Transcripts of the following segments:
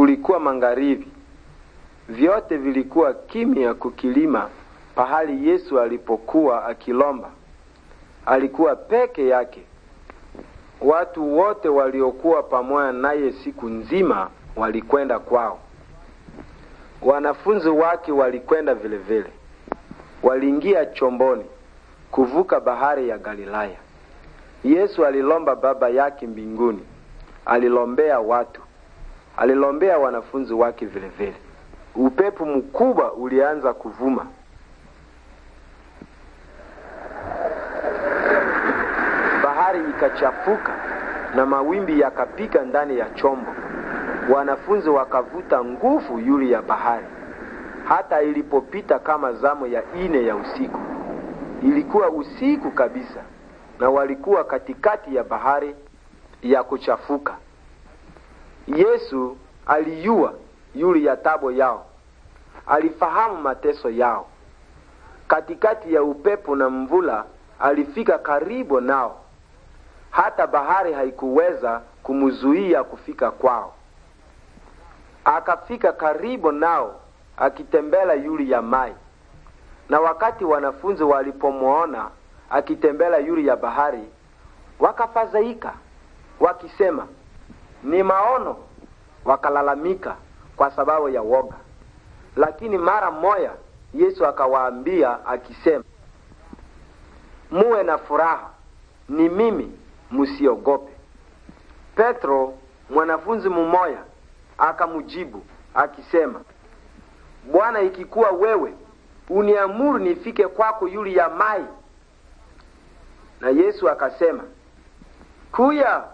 kulikuwa magharibi, vyote vilikuwa kimya kukilima pahali Yesu alipokuwa akilomba. Alikuwa peke yake. Watu wote waliokuwa pamoja naye siku nzima walikwenda kwao. Wanafunzi wake walikwenda vile vile. Waliingia chomboni kuvuka bahari ya Galilaya. Yesu alilomba Baba yake mbinguni, alilombea watu alilombea wanafunzi wake vile vile. Upepo mkubwa ulianza kuvuma. Bahari ikachafuka na mawimbi yakapiga ndani ya chombo. Wanafunzi wakavuta nguvu yule ya bahari. Hata ilipopita kama zamu ya ine ya usiku, ilikuwa usiku kabisa, na walikuwa katikati ya bahari ya kuchafuka. Yesu alijua yuli ya tabo yao, alifahamu mateso yao. Katikati ya upepo na mvula alifika karibu nao, hata bahari haikuweza kumzuia kufika kwao. Akafika karibu nao akitembela yuli ya mai, na wakati wanafunzi walipomwona akitembela yuli ya bahari wakafadhaika, wakisema ni maono wakalalamika kwa sababu ya woga. Lakini mara moya Yesu akawaambia akisema, muwe na furaha, ni mimi, msiogope. Petro mwanafunzi mmoya akamujibu akisema, Bwana, ikikuwa wewe uniamuru nifike kwako yuli ya mai. Na Yesu akasema, kuya.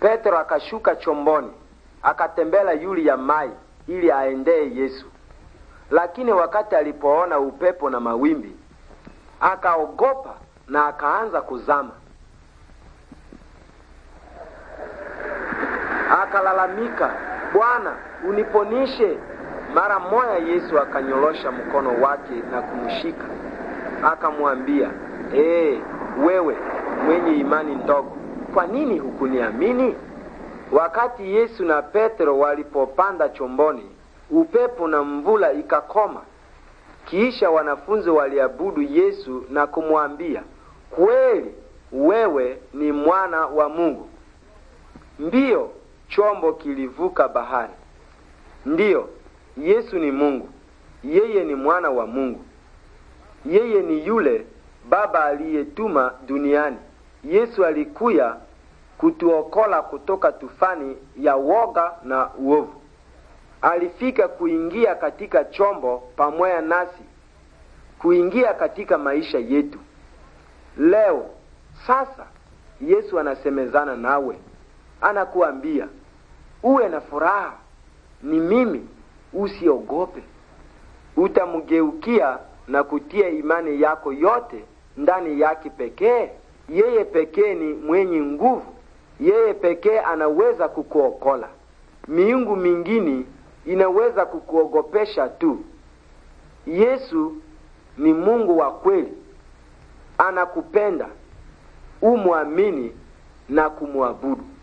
Petro akashuka chomboni akatembela yuli ya mai ili aendeye Yesu. Lakini wakati alipoona upepo na mawimbi, akaogopa na akaanza kuzama. Akalalamika, Bwana, uniponishe. Mara moya Yesu akanyolosha mkono wake na kumshika, akamwambia, ee, wewe mwenye imani ndogo, kwa nini hukuniamini? Wakati Yesu na Petro walipopanda chomboni, upepo na mvula ikakoma. Kisha wanafunzi waliabudu Yesu na kumwambia, kweli wewe ni mwana wa Mungu. Ndiyo, chombo kilivuka bahari. Ndiyo, Yesu ni Mungu. Yeye ni mwana wa Mungu. Yeye ni yule Baba aliyetuma duniani. Yesu alikuya kutuokola kutoka tufani ya woga na uovu. Alifika kuingia katika chombo pamoja nasi, kuingia katika maisha yetu leo. Sasa Yesu anasemezana nawe, anakuambia uwe na furaha, ni mimi, usiogope. Utamgeukia na kutia imani yako yote ndani yake pekee. Yeye pekee ni mwenye nguvu yeye pekee anaweza kukuokola. Miungu mingine inaweza kukuogopesha tu. Yesu ni Mungu wa kweli, anakupenda umwamini na kumwabudu.